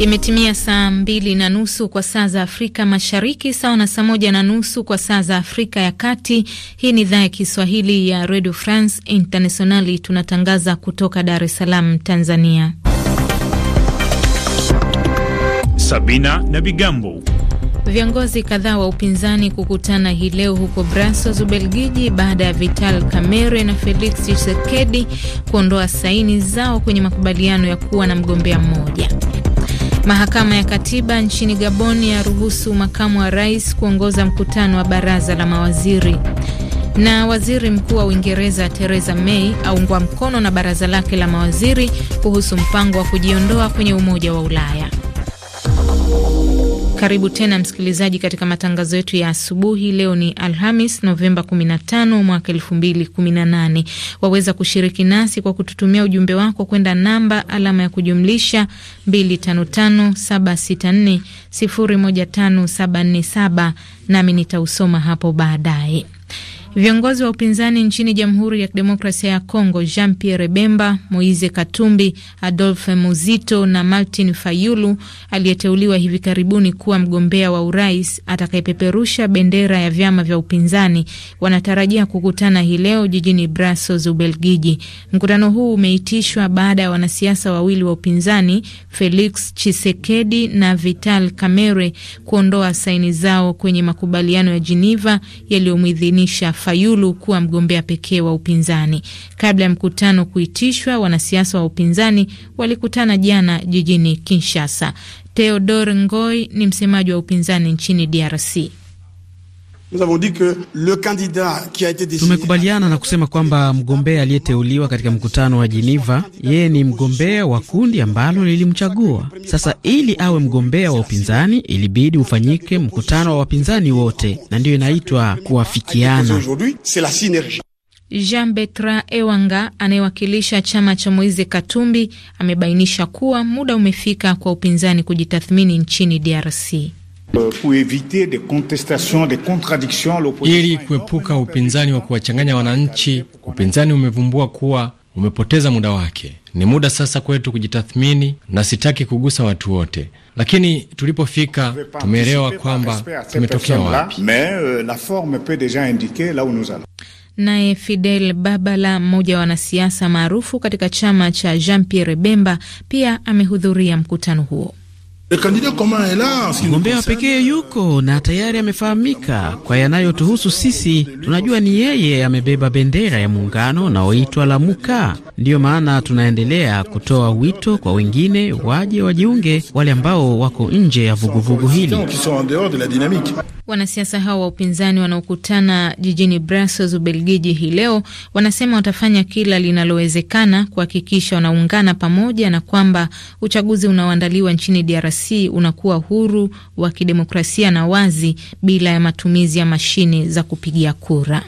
Imetimia saa mbili na nusu kwa saa za Afrika Mashariki, sawa na saa moja na nusu kwa saa za Afrika ya Kati. Hii ni idhaa ya Kiswahili ya Radio France Internationali, tunatangaza kutoka Dar es Salaam, Tanzania. Sabina na Bigambo. Viongozi kadhaa wa upinzani kukutana hii leo huko Brussels, Ubelgiji, baada ya Vital Kamerhe na Felix Tshisekedi kuondoa saini zao kwenye makubaliano ya kuwa na mgombea mmoja. Mahakama ya Katiba nchini Gabon yaruhusu makamu wa rais kuongoza mkutano wa baraza la mawaziri. Na waziri mkuu wa Uingereza Theresa May aungwa mkono na baraza lake la mawaziri kuhusu mpango wa kujiondoa kwenye Umoja wa Ulaya. Karibu tena msikilizaji, katika matangazo yetu ya asubuhi. Leo ni Alhamis, Novemba 15 mwaka 2018. Waweza kushiriki nasi kwa kututumia ujumbe wako kwenda namba alama ya kujumlisha 255764015747, nami nitausoma hapo baadaye. Viongozi wa upinzani nchini Jamhuri ya Kidemokrasia ya Kongo, Jean Pierre Bemba, Moise Katumbi, Adolphe Muzito na Martin Fayulu aliyeteuliwa hivi karibuni kuwa mgombea wa urais atakayepeperusha bendera ya vyama vya upinzani wanatarajia kukutana hii leo jijini Brussels, Ubelgiji. Mkutano huu umeitishwa baada ya wanasiasa wawili wa upinzani Felix chisekedi na Vital Kamerhe kuondoa saini zao kwenye makubaliano ya jeniva yaliyomwidhinisha Fayulu kuwa mgombea pekee wa upinzani. Kabla ya mkutano kuitishwa, wanasiasa wa upinzani walikutana jana jijini Kinshasa. Theodore Ngoy ni msemaji wa upinzani nchini DRC. Tumekubaliana na kusema kwamba mgombea aliyeteuliwa katika mkutano wa Jiniva, yeye ni mgombea wa kundi ambalo lilimchagua. Sasa ili awe mgombea wa upinzani, ilibidi ufanyike mkutano wa wapinzani wote, na ndiyo inaitwa kuwafikiana. Jean Bertrand Ewanga anayewakilisha chama cha Moise Katumbi amebainisha kuwa muda umefika kwa upinzani kujitathmini nchini DRC. Euh, Ili kuepuka upinzani wa kuwachanganya wananchi, upinzani umevumbua kuwa umepoteza muda wake. Ni muda sasa kwetu kujitathmini, na sitaki kugusa watu wote, lakini tulipofika tumeelewa kwamba tumetokea wapi. Euh, Naye Fidel Babala, mmoja wa wanasiasa maarufu katika chama cha Jean Pierre Bemba, pia amehudhuria mkutano huo. Mgombea pekee yuko na tayari amefahamika kwa yanayotuhusu sisi. Tunajua ni yeye amebeba bendera ya muungano unaoitwa Lamuka. Ndiyo maana tunaendelea kutoa wito kwa wengine waje wajiunge, wale ambao wako nje ya vuguvugu hili. Wanasiasa hao wa upinzani wanaokutana jijini Brussels, Ubelgiji hii leo wanasema watafanya kila linalowezekana kuhakikisha wanaungana pamoja na kwamba uchaguzi unaoandaliwa nchini DRC DRC unakuwa huru wa kidemokrasia na wazi bila ya matumizi ya mashine za kupigia kura.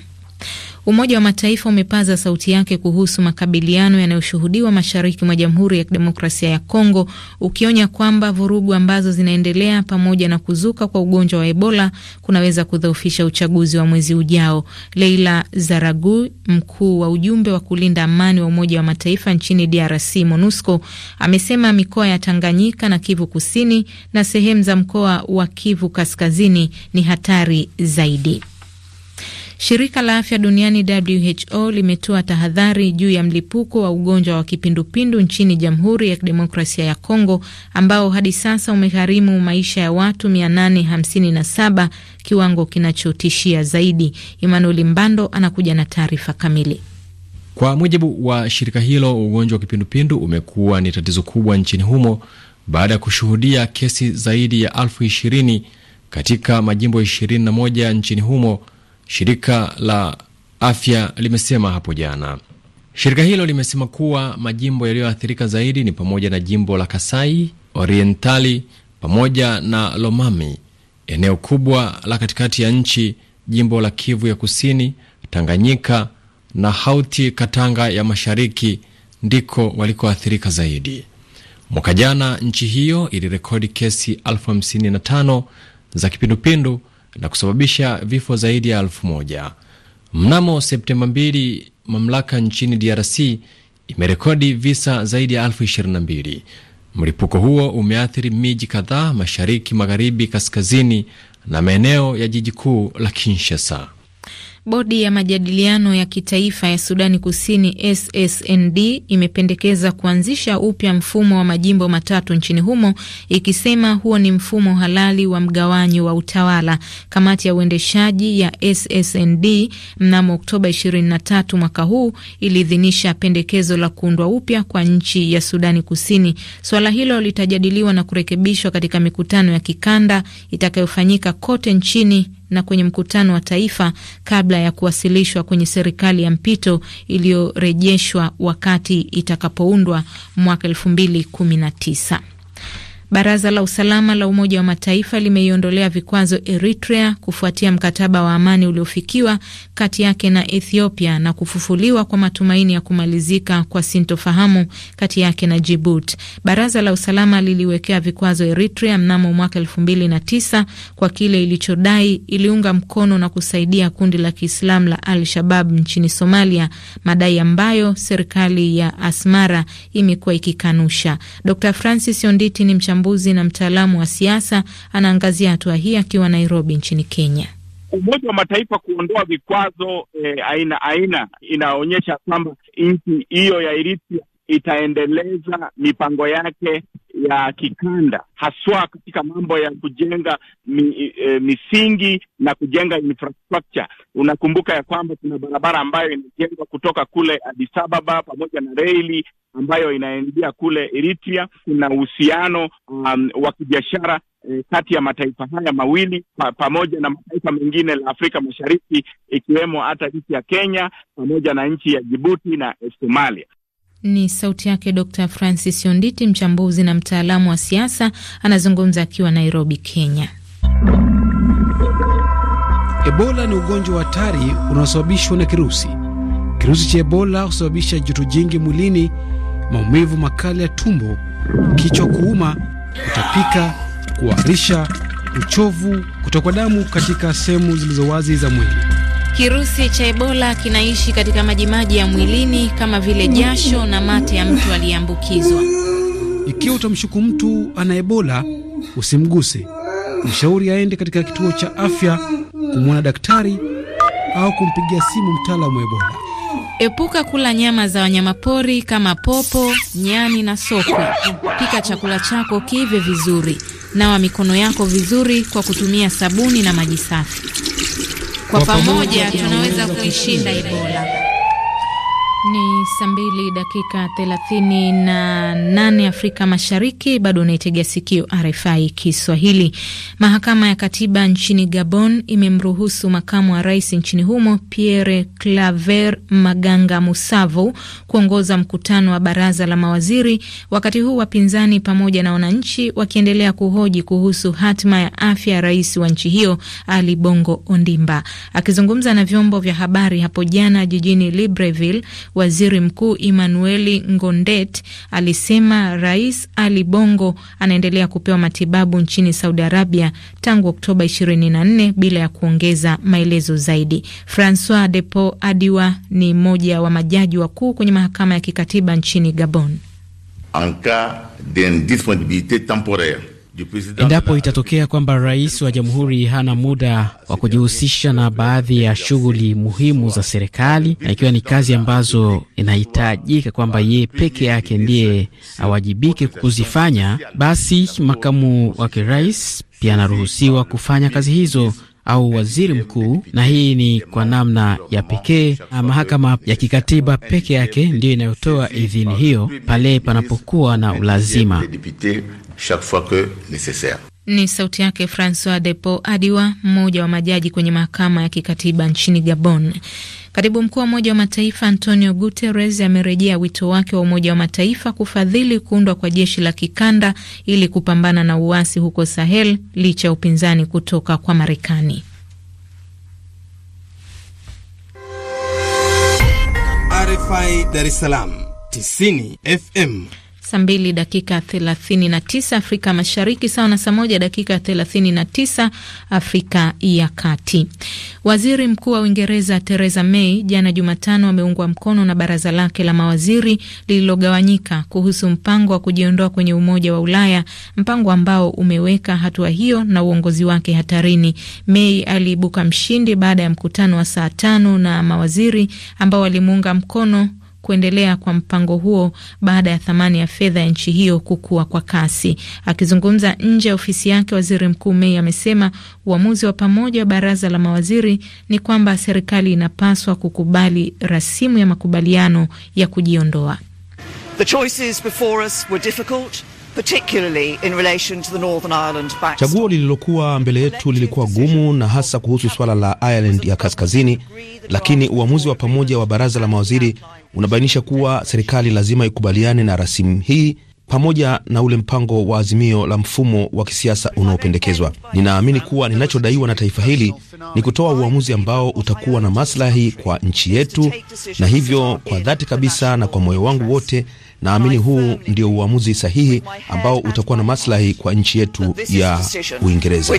Umoja wa Mataifa umepaza sauti yake kuhusu makabiliano yanayoshuhudiwa mashariki mwa Jamhuri ya Kidemokrasia ya Kongo, ukionya kwamba vurugu ambazo zinaendelea pamoja na kuzuka kwa ugonjwa wa Ebola kunaweza kudhoofisha uchaguzi wa mwezi ujao. Leila Zaragu, mkuu wa ujumbe wa kulinda amani wa Umoja wa Mataifa nchini DRC, MONUSCO, amesema mikoa ya Tanganyika na Kivu Kusini na sehemu za mkoa wa Kivu Kaskazini ni hatari zaidi. Shirika la afya duniani WHO limetoa tahadhari juu ya mlipuko wa ugonjwa wa kipindupindu nchini Jamhuri ya Kidemokrasia ya Kongo ambao hadi sasa umegharimu maisha ya watu 857, kiwango kinachotishia zaidi. Emmanuel Mbando anakuja na taarifa kamili. Kwa mujibu wa shirika hilo, ugonjwa wa kipindupindu umekuwa ni tatizo kubwa nchini humo baada ya kushuhudia kesi zaidi ya elfu katika majimbo 21 nchini humo shirika la afya limesema hapo jana. Shirika hilo limesema kuwa majimbo yaliyoathirika zaidi ni pamoja na jimbo la Kasai Orientali pamoja na Lomami, eneo kubwa la katikati ya nchi, jimbo la Kivu ya Kusini, Tanganyika na Hauti Katanga ya Mashariki ndiko walikoathirika zaidi. Mwaka jana nchi hiyo ilirekodi kesi elfu hamsini na tano za kipindupindu na kusababisha vifo zaidi ya elfu moja. Mnamo Septemba 2 mamlaka nchini DRC imerekodi visa zaidi ya elfu Mlipuko huo umeathiri miji kadhaa mashariki, magharibi, kaskazini na maeneo ya jiji kuu la Kinshasa. Bodi ya majadiliano ya kitaifa ya Sudani Kusini SSND imependekeza kuanzisha upya mfumo wa majimbo matatu nchini humo ikisema huo ni mfumo halali wa mgawanyo wa utawala. Kamati ya uendeshaji ya SSND mnamo Oktoba 23 mwaka huu iliidhinisha pendekezo la kuundwa upya kwa nchi ya Sudani Kusini. Suala hilo litajadiliwa na kurekebishwa katika mikutano ya kikanda itakayofanyika kote nchini na kwenye mkutano wa taifa kabla ya kuwasilishwa kwenye serikali ya mpito iliyorejeshwa wakati itakapoundwa mwaka elfu mbili kumi na tisa. Baraza la Usalama la Umoja wa Mataifa limeiondolea vikwazo Eritrea kufuatia mkataba wa amani uliofikiwa kati yake na Ethiopia na kufufuliwa kwa matumaini ya kumalizika kwa sintofahamu kati yake na jibut Baraza la Usalama liliwekea vikwazo Eritrea mnamo mwaka tisa kwa kile ilichodai iliunga mkono na kusaidia kundi la Kiislamu la Al-Shabab nchini Somalia, madai ambayo serikali ya Asmara imekuwa ikikanusha. Dr Francis Onditi ni mchambuzi mchambuzi na mtaalamu wa siasa, anaangazia hatua hii akiwa Nairobi nchini Kenya. Umoja wa Mataifa kuondoa vikwazo eh, aina aina inaonyesha kwamba nchi hiyo ya Eritrea itaendeleza mipango yake ya kikanda haswa katika mambo ya kujenga mi, e, misingi na kujenga infrastructure. Unakumbuka ya kwamba kuna barabara ambayo inajengwa kutoka kule Addis Ababa pamoja na reli ambayo inaendia kule Eritrea. Kuna uhusiano um, wa kibiashara e, kati ya mataifa haya mawili pa, pamoja na mataifa mengine la Afrika Mashariki ikiwemo hata nchi ya Kenya pamoja na nchi ya Djibouti na Somalia. Ni sauti yake Dr Francis Onditi, mchambuzi na mtaalamu wa siasa, anazungumza akiwa Nairobi, Kenya. Ebola ni ugonjwa wa hatari unaosababishwa na kirusi. Kirusi cha Ebola husababisha joto jingi mwilini, maumivu makali ya tumbo, kichwa kuuma, kutapika, kuharisha, uchovu, kutokwa damu katika sehemu zilizo wazi za mwili. Kirusi cha Ebola kinaishi katika majimaji ya mwilini kama vile jasho na mate ya mtu aliyeambukizwa. Ikiwa utamshuku mtu ana Ebola, usimguse. Mshauri aende katika kituo cha afya kumwona daktari au kumpigia simu mtaalamu wa Ebola. Epuka kula nyama za wanyamapori kama popo, nyani na sokwe. Pika chakula chako kiive vizuri. Nawa mikono yako vizuri kwa kutumia sabuni na maji safi. Kwa pamoja tunaweza kuishinda Ebola. Ni saa mbili dakika thelathini na nane Afrika Mashariki. Bado unaitegea sikio RFI Kiswahili. Mahakama ya Katiba nchini Gabon imemruhusu makamu wa rais nchini humo Pierre Claver Maganga musavu kuongoza mkutano wa baraza la mawaziri, wakati huu wapinzani pamoja na wananchi wakiendelea kuhoji kuhusu hatima ya afya ya rais wa nchi hiyo Ali Bongo Ondimba. Akizungumza na vyombo vya habari hapo jana jijini Libreville Waziri Mkuu Emmanueli Ngondet alisema Rais Ali Bongo anaendelea kupewa matibabu nchini Saudi Arabia tangu Oktoba 24 bila ya kuongeza maelezo zaidi. Francois Depo Adiwa ni mmoja wa majaji wakuu kwenye mahakama ya kikatiba nchini Gabon. En cas temporaire Endapo itatokea kwamba rais wa jamhuri hana muda wa kujihusisha na baadhi ya shughuli muhimu za serikali, na ikiwa ni kazi ambazo inahitajika kwamba yeye peke yake ndiye awajibike kuzifanya, basi makamu wake rais pia anaruhusiwa kufanya kazi hizo au waziri mkuu, na hii ni kwa namna ya pekee. na Mahakama ya kikatiba peke yake ndiyo inayotoa idhini hiyo pale panapokuwa na ulazima chaque fois que nécessaire. Ni sauti yake Francois Depo Adiwa, mmoja wa majaji kwenye mahakama ya kikatiba nchini Gabon. Katibu mkuu wa Umoja wa Mataifa Antonio Guterres amerejea wito wake wa Umoja wa Mataifa kufadhili kuundwa kwa jeshi la kikanda ili kupambana na uasi huko Sahel licha ya upinzani kutoka kwa Marekani. RFI Dar es Salaam 90 FM saa mbili dakika thelathini na tisa Afrika Mashariki, sawa na saa moja dakika thelathini na tisa Afrika ya Kati. Waziri Mkuu wa Uingereza Theresa May jana Jumatano ameungwa mkono na baraza lake la mawaziri lililogawanyika kuhusu mpango wa kujiondoa kwenye Umoja wa Ulaya, mpango ambao umeweka hatua hiyo na uongozi wake hatarini. May aliibuka mshindi baada ya mkutano wa saa tano na mawaziri ambao walimuunga mkono kuendelea kwa mpango huo baada ya thamani ya fedha ya nchi hiyo kukua kwa kasi. Akizungumza nje ya ofisi yake, waziri mkuu Mei amesema uamuzi wa pamoja wa baraza la mawaziri ni kwamba serikali inapaswa kukubali rasimu ya makubaliano ya kujiondoa. Chaguo lililokuwa mbele yetu lilikuwa gumu na hasa kuhusu suala la Ireland ya kaskazini, lakini uamuzi wa pamoja wa baraza la mawaziri unabainisha kuwa serikali lazima ikubaliane na rasimu hii pamoja na ule mpango wa azimio la mfumo wa kisiasa unaopendekezwa. Ninaamini kuwa ninachodaiwa na taifa hili ni kutoa uamuzi ambao utakuwa na maslahi kwa nchi yetu, na hivyo kwa dhati kabisa na kwa moyo wangu wote Naamini huu ndio uamuzi sahihi ambao utakuwa na maslahi kwa nchi yetu ya Uingereza.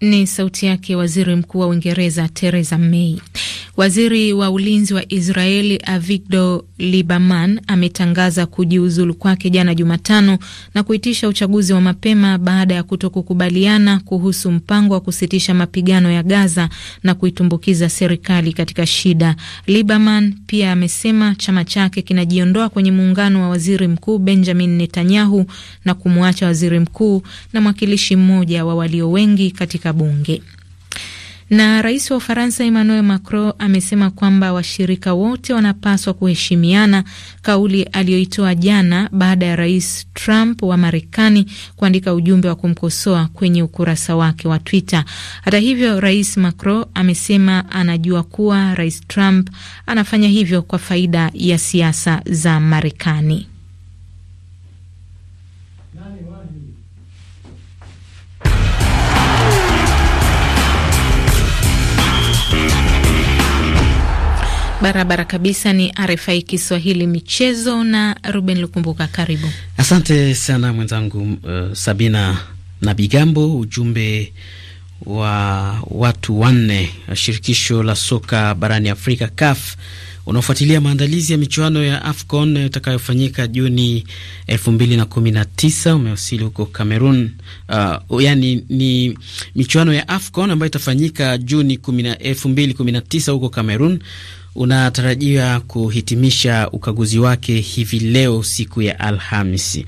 Ni sauti yake Waziri Mkuu wa Uingereza Theresa May. Waziri wa ulinzi wa Israeli Avigdor liberman ametangaza kujiuzulu kwake jana Jumatano na kuitisha uchaguzi wa mapema baada ya kutokukubaliana kuhusu mpango wa kusitisha mapigano ya Gaza na kuitumbukiza serikali katika shida. Lieberman Lieberman pia amesema chama chake kinajiondoa kwenye muungano wa waziri mkuu Benjamin Netanyahu na kumwacha waziri mkuu na mwakilishi mmoja wa walio wengi katika bunge. Na rais wa Ufaransa Emmanuel Macron amesema kwamba washirika wote wanapaswa kuheshimiana, kauli aliyoitoa jana baada ya rais Trump wa Marekani kuandika ujumbe wa kumkosoa kwenye ukurasa wake wa Twitter. Hata hivyo, rais Macron amesema anajua kuwa rais Trump anafanya hivyo kwa faida ya siasa za Marekani. Barabara kabisa. Ni RFI Kiswahili michezo na Ruben Lukumbuka, karibu. Asante sana mwenzangu, uh, Sabina na Bigambo. Ujumbe wa watu wanne wa uh, shirikisho la soka barani Afrika CAF unaofuatilia maandalizi ya michuano ya AFCON uh, itakayofanyika Juni 2019 umewasili huko Cameroon. Uh, yani ni michuano ya AFCON ambayo itafanyika Juni 2019 huko Cameroon unatarajia kuhitimisha ukaguzi wake hivi leo siku ya Alhamisi.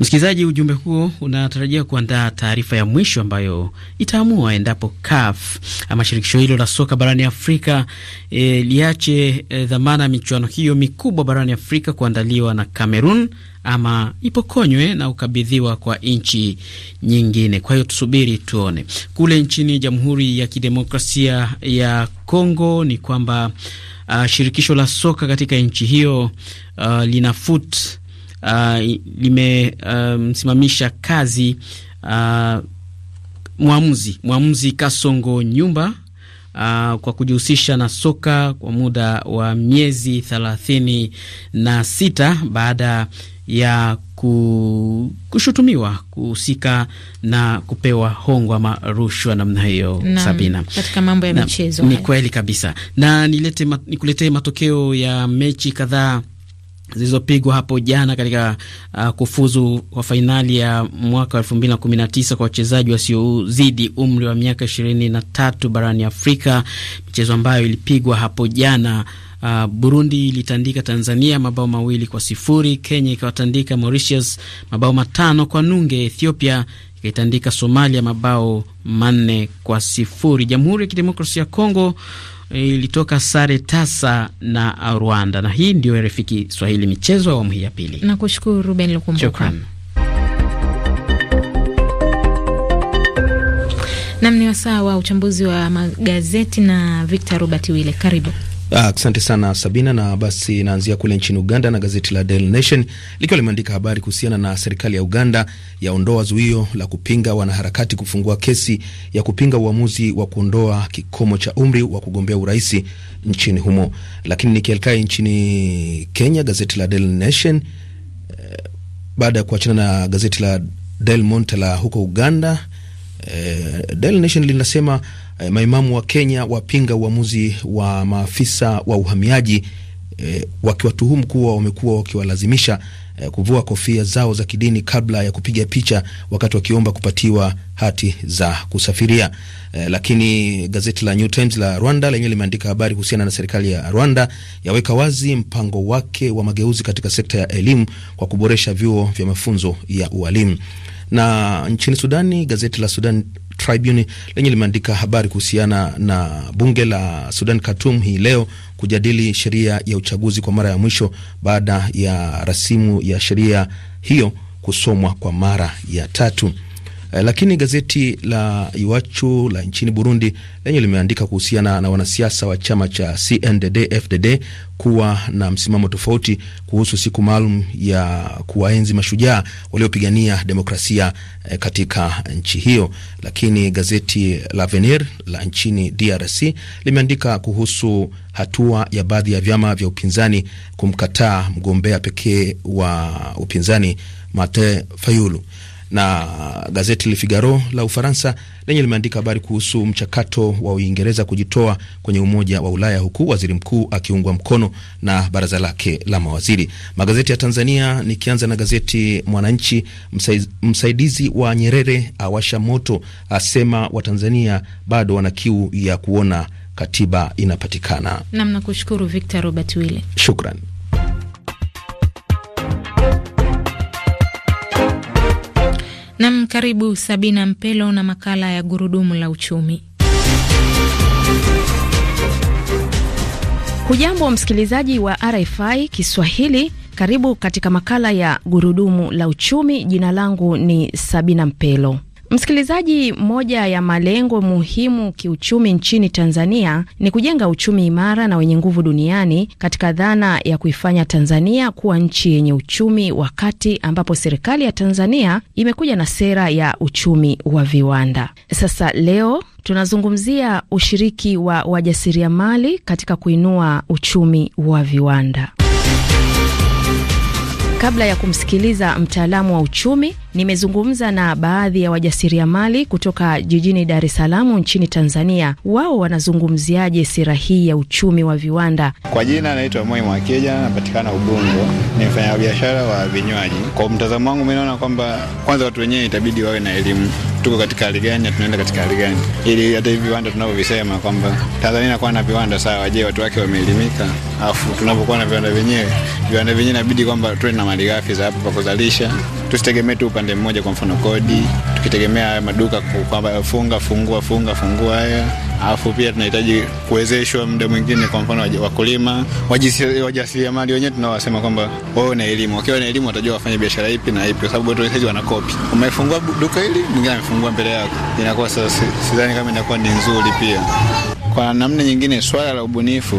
Msikilizaji, ujumbe huo unatarajia kuandaa taarifa ya mwisho ambayo itaamua endapo CAF ama shirikisho hilo la soka barani Afrika e, liache e, dhamana ya michuano hiyo mikubwa barani Afrika kuandaliwa na Cameroon ama ipokonywe na ukabidhiwa kwa nchi nyingine. Kwa hiyo tusubiri tuone. Kule nchini Jamhuri ya Kidemokrasia ya Kongo ni kwamba uh, shirikisho la soka katika nchi hiyo uh, ah, linafut uh, ah, limemsimamisha um, kazi uh, mwamuzi mwamuzi Kasongo Nyumba Uh, kwa kujihusisha na soka kwa muda wa miezi thelathini na sita baada ya kushutumiwa kuhusika na kupewa hongo ama rushwa namna hiyo. Sabina, katika mambo ya michezo ni kweli kabisa, na nilete mat, nikuletee matokeo ya mechi kadhaa zilizopigwa hapo jana katika uh, kufuzu wa fainali ya mwaka wa elfu mbili na kumi na tisa kwa wachezaji wasiozidi umri wa miaka ishirini na tatu barani Afrika, michezo ambayo ilipigwa hapo jana Uh, Burundi ilitandika Tanzania mabao mawili kwa sifuri. Kenya ikawatandika Mauritius mabao matano kwa nunge. Ethiopia ikaitandika Somalia mabao manne kwa sifuri. Jamhuri ya Kidemokrasia ya Kongo eh, ilitoka sare tasa na Rwanda. Na hii ndio RFI Kiswahili michezo awamu hii ya pili. Nakushukuru Ruben Lukumbuka. Nam ni wasaa wa uchambuzi wa magazeti na Victor Robert Wile, karibu. Ah, asante sana Sabina, na basi naanzia kule nchini Uganda na gazeti la Daily Nation likiwa limeandika habari kuhusiana na serikali ya Uganda yaondoa zuio la kupinga wanaharakati kufungua kesi ya kupinga uamuzi wa kuondoa kikomo cha umri wa kugombea uraisi nchini humo. Lakini nikielekea nchini Kenya, gazeti la Daily Nation eh, baada ya kuachana na gazeti la Del la huko Uganda eh, Daily Nation linasema eh, maimamu wa Kenya wapinga uamuzi wa maafisa wa uhamiaji eh, wakiwatuhumu kuwa wamekuwa wakiwalazimisha eh, kuvua kofia zao za kidini kabla ya kupiga picha wakati wakiomba kupatiwa hati za kusafiria. Eh, lakini gazeti la New Times la Rwanda lenyewe limeandika habari kuhusiana na serikali ya Rwanda yaweka wazi mpango wake wa mageuzi katika sekta ya elimu kwa kuboresha vyuo vya mafunzo ya ualimu. Na nchini Sudani, gazeti la Sudan Tribune lenye limeandika habari kuhusiana na bunge la Sudan Khartoum hii leo kujadili sheria ya uchaguzi kwa mara ya mwisho baada ya rasimu ya sheria hiyo kusomwa kwa mara ya tatu. Eh, lakini gazeti la Iwachu la nchini Burundi lenye limeandika kuhusiana na wanasiasa wa chama cha CNDD-FDD kuwa na msimamo tofauti kuhusu siku maalum ya kuwaenzi mashujaa waliopigania demokrasia eh, katika nchi hiyo. Lakini gazeti la Venir la nchini DRC limeandika kuhusu hatua ya baadhi ya vyama vya upinzani kumkataa mgombea pekee wa upinzani Martin Fayulu na gazeti Le Figaro la Ufaransa lenye limeandika habari kuhusu mchakato wa Uingereza kujitoa kwenye Umoja wa Ulaya, huku waziri mkuu akiungwa mkono na baraza lake la mawaziri. Magazeti ya Tanzania, nikianza na gazeti Mwananchi, msaidizi wa Nyerere awasha moto, asema Watanzania bado wana kiu ya kuona katiba inapatikana. Namna kushukuru Victor Robert Wile, shukran. Nam, karibu Sabina Mpelo na makala ya gurudumu la uchumi. Hujambo wa msikilizaji wa RFI Kiswahili, karibu katika makala ya gurudumu la uchumi. Jina langu ni Sabina Mpelo. Msikilizaji, moja ya malengo muhimu kiuchumi nchini Tanzania ni kujenga uchumi imara na wenye nguvu duniani katika dhana ya kuifanya Tanzania kuwa nchi yenye uchumi wa kati, ambapo serikali ya Tanzania imekuja na sera ya uchumi wa viwanda. Sasa leo tunazungumzia ushiriki wa wajasiriamali katika kuinua uchumi wa viwanda. Kabla ya kumsikiliza mtaalamu wa uchumi Nimezungumza na baadhi ya wajasiriamali kutoka jijini Dar es Salaam nchini Tanzania. Wao wanazungumziaje sera hii ya uchumi wa viwanda? Kwa jina naitwa Moi Mwakeja, napatikana Ubungo, ni mfanyabiashara wa vinywaji. Kwa mtazamo wangu, naona kwamba kwanza watu wenyewe itabidi wawe na elimu tuko katika hali gani na tunaenda katika hali gani, ili hata hivi viwanda tunavyovisema kwamba Tanzania inakuwa na viwanda sawa. Je, watu wake wameelimika? Alafu tunapokuwa na viwanda vyenyewe, viwanda vyenyewe inabidi kwamba tuwe na malighafi za hapo pa kuzalisha, tusitegemee tu upande mmoja, kwa mfano kodi, tukitegemea haya maduka kwamba funga fungua funga fungua haya alafu pia tunahitaji kuwezeshwa muda mwingine, kwa mfano wakulima, wajasiriamali wenyewe tunawasema kwamba wao na elimu, wakiwa na elimu watajua wafanye biashara ipi na ipi, kwa sababu watu wengi wanakopi. Umefungua duka hili, mwingine amefungua mbele yako, inakuwa sasa, sidhani kama inakuwa ni nzuri pia kwa namna nyingine, swala la ubunifu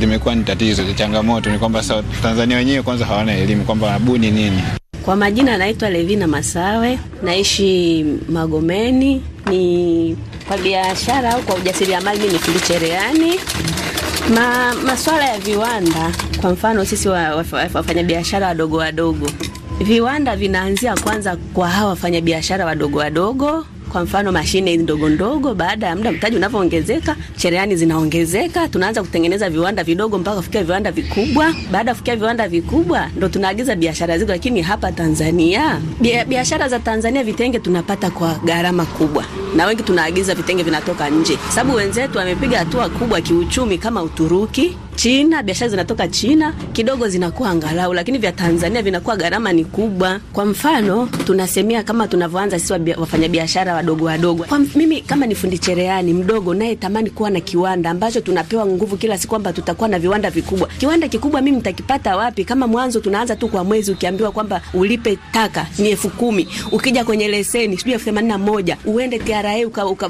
limekuwa ni tatizo. Changamoto ni kwamba sasa Tanzania wenyewe kwanza hawana elimu kwamba wanabuni nini. Kwa majina anaitwa Levina Masawe, naishi Magomeni. Ni kwa biashara au kwa ujasiriamali, mimi ni fundi cherehani. Ma, maswala ya viwanda kwa mfano sisi wafanyabiashara wa, wa, wa, wadogo wadogo, viwanda vinaanzia kwanza kwa hawa wafanyabiashara wadogo wadogo kwa mfano mashine ndogo ndogo, baada ya muda mtaji unavyoongezeka, cherehani zinaongezeka, tunaanza kutengeneza viwanda vidogo mpaka kufikia viwanda vikubwa. Baada ya kufikia viwanda vikubwa, ndo tunaagiza biashara zetu. Lakini hapa Tanzania biashara za Tanzania vitenge tunapata kwa gharama kubwa, na wengi tunaagiza vitenge vinatoka nje, sababu wenzetu wamepiga hatua kubwa kiuchumi kama Uturuki China, biashara zinatoka China kidogo zinakuwa angalau, lakini vya Tanzania vinakuwa gharama ni kubwa. Kwa mfano tunasemea kama tunavyoanza sisi wafanyabiashara wadogo wadogo. Kwa mimi kama ni fundi cherehani mdogo, naye tamani kuwa na kiwanda ambacho tunapewa nguvu kila siku kwamba tutakuwa na viwanda vikubwa. Kiwanda kikubwa mimi nitakipata wapi kama mwanzo tunaanza tu kwa mwezi, ukiambiwa kwamba ulipe taka ni elfu kumi ukija kwenye leseni sijui elfu themanini na moja uende TRA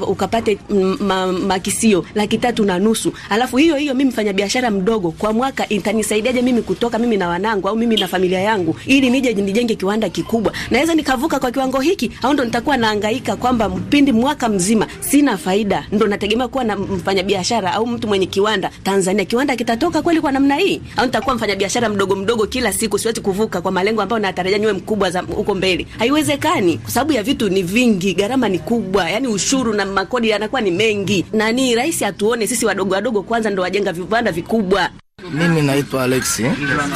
ukapate uka, uka makisio laki tatu na nusu alafu hiyo hiyo mimi mfanyabiashara mdogo kwa mwaka itanisaidiaje mimi kutoka mimi na wanangu au mimi na familia yangu ili nije nijenge kiwanda kikubwa? Naweza nikavuka kwa kiwango hiki au ndo nitakuwa naangaika kwamba mpindi mwaka mzima sina faida? Ndo nategemea kuwa na mfanyabiashara au mtu mwenye kiwanda Tanzania. Kiwanda kitatoka kweli kwa namna hii au nitakuwa mfanyabiashara mdogo mdogo kila siku, siwezi kuvuka kwa malengo ambayo natarajia niwe mkubwa za huko mbele? Haiwezekani kwa sababu ya vitu ni vingi, gharama ni kubwa, yani ushuru na makodi yanakuwa ni mengi. Nani rais atuone sisi wadogo wadogo kwanza ndo wajenga viwanda vikubwa kubwa. Mimi naitwa Alexi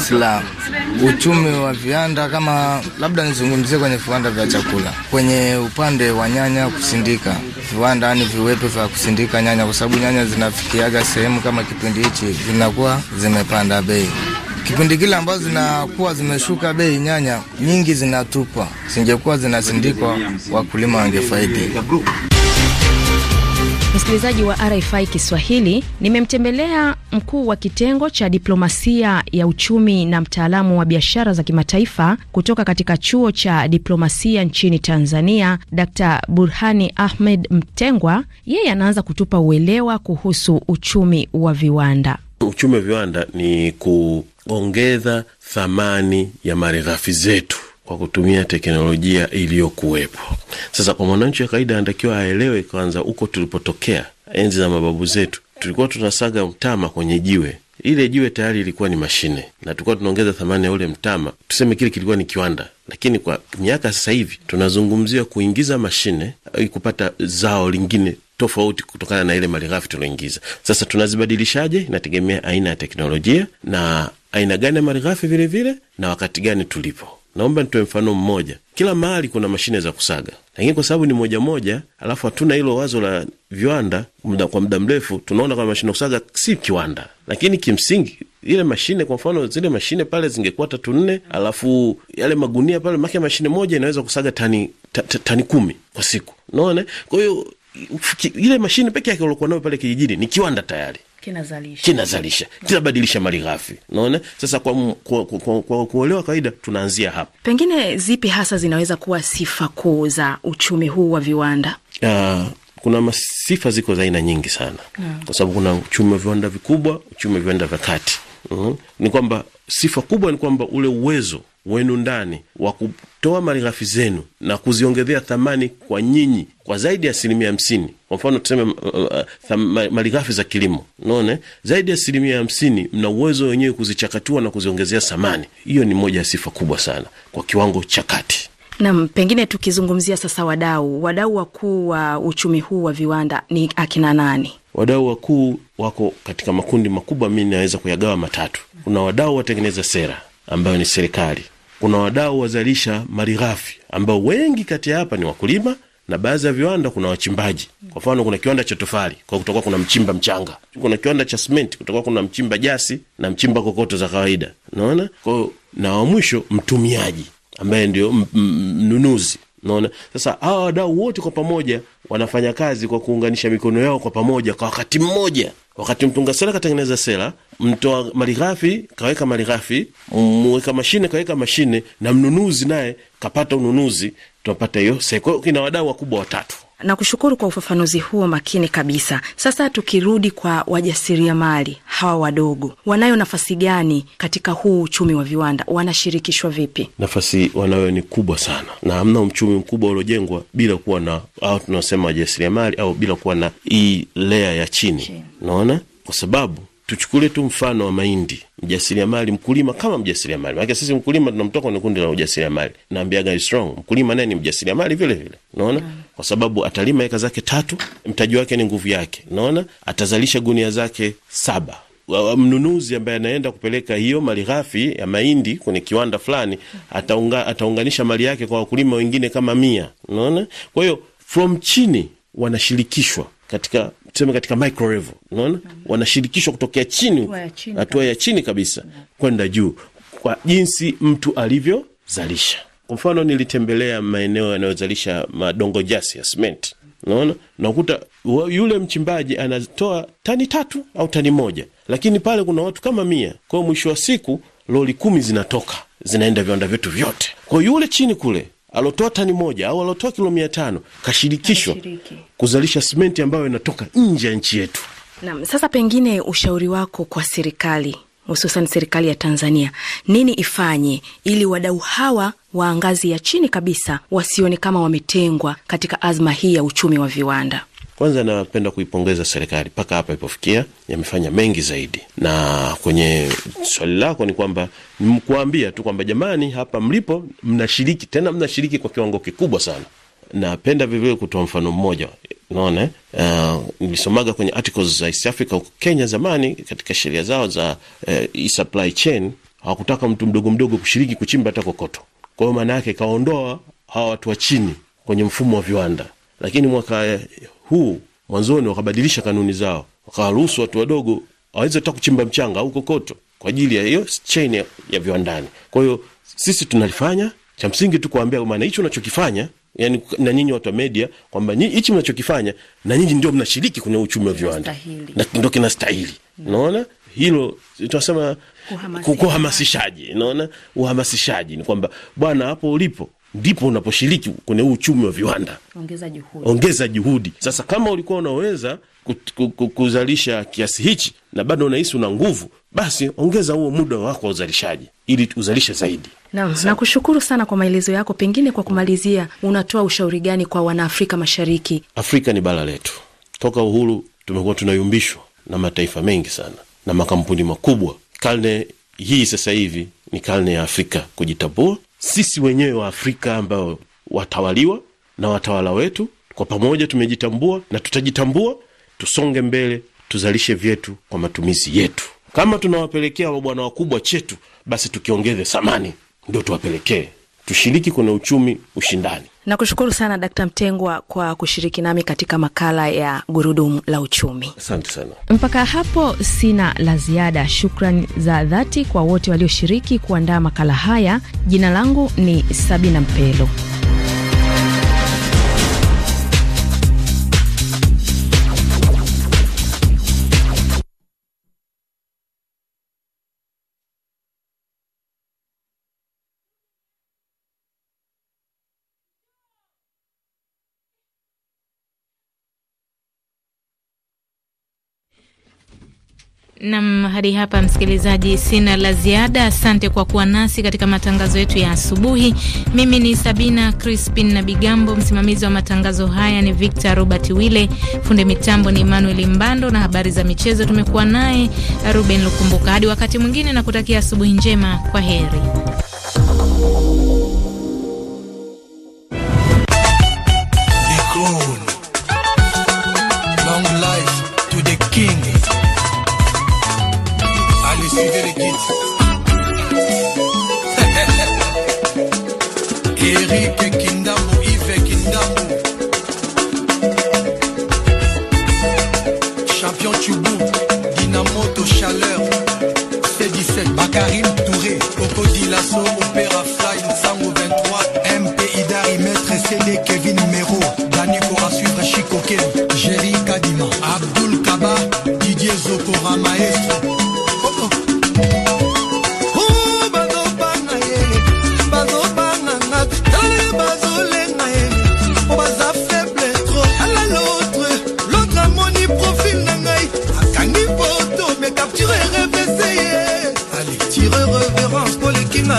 Sila. Uchumi wa viwanda, kama labda nizungumzie kwenye viwanda vya chakula, kwenye upande wa nyanya kusindika, viwanda ni viwepo vya kusindika nyanya, kwa sababu nyanya zinafikiaga sehemu kama kipindi hichi zinakuwa zimepanda bei kipindi kile ambazo zinakuwa zimeshuka bei, nyanya nyingi zinatupwa. Zingekuwa zinasindikwa, wakulima wangefaidi. Msikilizaji wa RFI Kiswahili, nimemtembelea mkuu wa kitengo cha diplomasia ya uchumi na mtaalamu wa biashara za kimataifa kutoka katika chuo cha diplomasia nchini Tanzania, Dr Burhani Ahmed Mtengwa. Yeye anaanza kutupa uelewa kuhusu uchumi wa viwanda. Uchumi wa viwanda ni kuongeza thamani ya malighafi zetu kwa kutumia teknolojia iliyokuwepo. Sasa kwa mwananchi wa kawaida, anatakiwa aelewe kwanza huko tulipotokea. Enzi za mababu zetu tulikuwa tunasaga mtama kwenye jiwe ile jiwe tayari ilikuwa ni mashine na tulikuwa tunaongeza thamani ya ule mtama, tuseme kile kilikuwa ni kiwanda. Lakini kwa miaka sasa hivi tunazungumzia kuingiza mashine eh, kupata zao lingine tofauti kutokana na ile malighafi tunaoingiza. Sasa tunazibadilishaje? Inategemea aina ya teknolojia na aina gani ya malighafi vilevile, na wakati gani tulipo. Naomba nitoe mfano mmoja. Kila mahali kuna mashine za kusaga, lakini kwa sababu ni moja moja, alafu hatuna hilo wazo la viwanda mda, kwa muda mrefu, tunaona kwamba mashine kusaga si kiwanda, lakini kimsingi ile mashine, kwa mfano zile mashine pale zingekuwa tatu nne, alafu yale magunia pale, make mashine moja inaweza kusaga tani ta, ta, tani kumi kwa siku, unaona. Kwa hiyo ile mashine peke yake uliokuwa nayo pale kijijini ni kiwanda tayari kinazalisha kinazalisha kinabadilisha mali ghafi. Naona sasa kwa, kwa, kwa, kwa kuolewa kawaida tunaanzia hapa. Pengine zipi hasa zinaweza kuwa sifa kuu za uchumi huu wa viwanda? Uh, kuna masifa ziko za aina nyingi sana hmm. kwa sababu kuna uchumi wa viwanda vikubwa, uchumi wa viwanda vya kati mm, ni kwamba sifa kubwa ni kwamba ule uwezo wenu ndani wa kutoa malighafi zenu na kuziongezea thamani kwa nyinyi kwa zaidi ya asilimia hamsini. Kwa mfano tuseme, uh, uh malighafi za kilimo, naon zaidi ya asilimia hamsini mna uwezo wenyewe kuzichakatua na kuziongezea thamani. Hiyo ni moja ya sifa kubwa sana kwa kiwango cha kati. Nam, pengine tukizungumzia sasa wadau, wadau wakuu wa uchumi huu wa viwanda ni akina nani? Wadau wakuu wako katika makundi makubwa, mi naweza kuyagawa matatu. Kuna wadau watengeneza sera ambayo ni serikali, kuna wadau wazalisha malighafi ambao wengi kati ya hapa ni wakulima na baadhi ya viwanda kuna wachimbaji. Kwa mfano, kuna kiwanda cha tofali, kwa kutakuwa kuna mchimba mchanga, kuna kiwanda cha simenti, kutakuwa kuna mchimba jasi na mchimba kokoto za kawaida, naona kwao, na wa mwisho mtumiaji ambaye ndio mnunuzi naona sasa hawa wadau wote kwa pamoja wanafanya kazi kwa kuunganisha mikono yao kwa pamoja kwa wakati mmoja. Wakati mtunga sera katengeneza sera, mtoa malighafi kaweka malighafi, mweka mashine kaweka mashine, na mnunuzi naye kapata ununuzi, tunapata hiyo. Kwa kina wadau wakubwa watatu na kushukuru kwa ufafanuzi huo makini kabisa. Sasa tukirudi kwa wajasiriamali hawa wadogo, wanayo nafasi gani katika huu uchumi wa viwanda? Wanashirikishwa vipi? Nafasi wanayo ni kubwa sana, na hamna uchumi mkubwa uliojengwa bila kuwa na au tunasema wajasiriamali au bila kuwa na hii lea ya chini, unaona, kwa sababu tuchukule tu mfano wa mahindi, mjasiriamali, mkulima kama mjasiriamali, maana sisi mkulima tunamtoka kwenye kundi la ujasiriamali. Naambiaga strong mkulima naye ni mjasiriamali vile vile, unaona kwa sababu atalima eka zake tatu, mtaji wake ni nguvu yake, unaona, atazalisha gunia zake saba mnunuzi ambaye anaenda kupeleka hiyo mali ghafi ya mahindi kwenye kiwanda fulani ataunga, ataunganisha mali yake kwa wakulima wengine kama mia. Unaona, kwa hiyo from chini wanashirikishwa katika tuseme katika microwave, unaona mm-hmm. wanashirikishwa kutokea chini, hatua ya chini kabisa mm-hmm. kwenda juu, kwa jinsi mtu alivyozalisha. Kwa mfano, nilitembelea maeneo yanayozalisha madongo jasi ya sment naona nakuta yule mchimbaji anatoa tani tatu au tani moja, lakini pale kuna watu kama mia. kwao mwisho wa siku loli kumi zinatoka zinaenda viwanda vyetu vyote. kwao yule chini kule alotoa tani moja au alotoa kilo mia tano kashirikishwa kuzalisha simenti ambayo inatoka nje ya nchi yetu. Naam, sasa pengine ushauri wako kwa serikali hususan serikali ya Tanzania, nini ifanye ili wadau hawa wa ngazi ya chini kabisa wasione kama wametengwa katika azma hii ya uchumi wa viwanda? Kwanza napenda kuipongeza serikali, mpaka hapa ipofikia yamefanya mengi zaidi. Na kwenye swali lako ni kwamba mkuambia tu kwamba jamani, hapa mlipo mnashiriki, tena mnashiriki kwa kiwango kikubwa sana. Napenda vilevile kutoa mfano mmoja. Unaona, eh, nilisomaga uh, kwenye articles za East Africa huko Kenya zamani, katika sheria zao za uh, supply chain hawakutaka mtu mdogo mdogo kushiriki kuchimba hata kokoto. Kwa hiyo maana yake ikaondoa hawa watu wa chini kwenye mfumo wa viwanda, lakini mwaka huu mwanzoni wakabadilisha kanuni zao, wakawaruhusu watu wadogo waweze hata kuchimba mchanga au kokoto kwa ajili ya hiyo chain ya, viwandani. Kwa hiyo sisi tunalifanya cha msingi tu kuambia maana hicho unachokifanya yani, na nyinyi watu wa media kwamba hichi mnachokifanya na nyinyi ndio mnashiriki kwenye uchumi wa viwanda na ndio kinastahili. Mm. Unaona mm. hilo tunasema kuhamasishaji. Unaona uhamasishaji ni kwamba bwana, hapo ulipo ndipo unaposhiriki kwenye huu uchumi wa viwanda. Ongeza juhudi, ongeza juhudi. Sasa kama ulikuwa unaweza kuzalisha kiasi hichi na bado unahisi una nguvu, basi ongeza huo muda wako wa uzalishaji ili uzalishe zaidi. Naam, nakushukuru sana kwa maelezo yako. Pengine kwa kumalizia, unatoa ushauri gani kwa wanaafrika Mashariki? Afrika ni bara letu, toka uhuru tumekuwa tunayumbishwa na mataifa mengi sana na makampuni makubwa. Karne hii sasa hivi ni karne ya Afrika kujitambua sisi wenyewe wa Afrika ambao watawaliwa na watawala wetu, kwa pamoja tumejitambua na tutajitambua, tusonge mbele, tuzalishe vyetu kwa matumizi yetu. Kama tunawapelekea mabwana wakubwa chetu, basi tukiongeze thamani, ndio tuwapelekee, tushiriki kwenye uchumi ushindani. Nakushukuru sana Dkt. Mtengwa kwa kushiriki nami katika makala ya gurudumu la uchumi. Asante sana. Mpaka hapo sina la ziada. shukran za dhati kwa wote walioshiriki kuandaa makala haya. Jina langu ni Sabina Mpelo. Nam, hadi hapa msikilizaji, sina la ziada. Asante kwa kuwa nasi katika matangazo yetu ya asubuhi. Mimi ni Sabina Crispin na Bigambo, msimamizi wa matangazo haya ni Victor Robert Wille, funde mitambo ni Emmanuel Mbando na habari za michezo tumekuwa naye Ruben Lukumbuka. Hadi wakati mwingine, na kutakia asubuhi njema, kwa heri.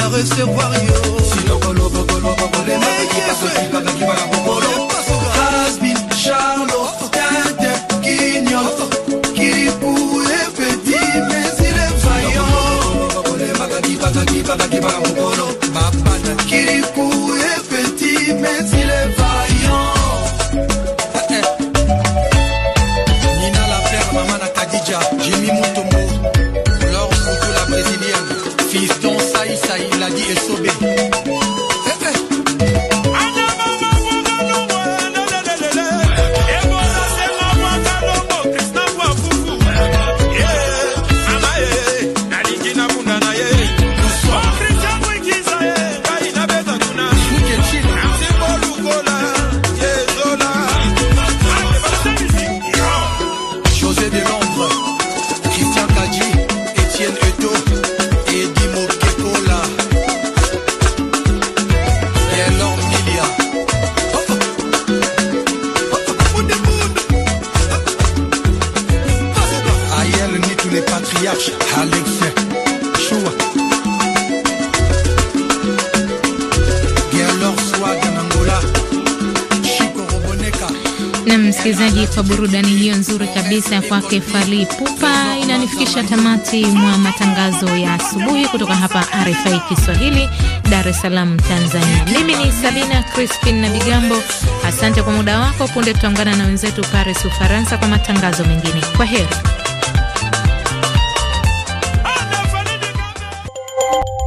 recevoir yo kabisa kwake Fali Pupa inanifikisha tamati mwa matangazo ya asubuhi kutoka hapa RFI Kiswahili, Dar es Salaam, Tanzania. Mimi ni Sabina Crispin na Bigambo, asante kwa muda wako. Punde tutaungana na wenzetu Paris, Ufaransa, kwa matangazo mengine. Kwa heri.